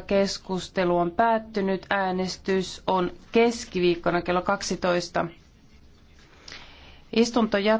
keskustelu on päättynyt. Äänestys on keskiviikkona kello 12. Istunto jatkuu.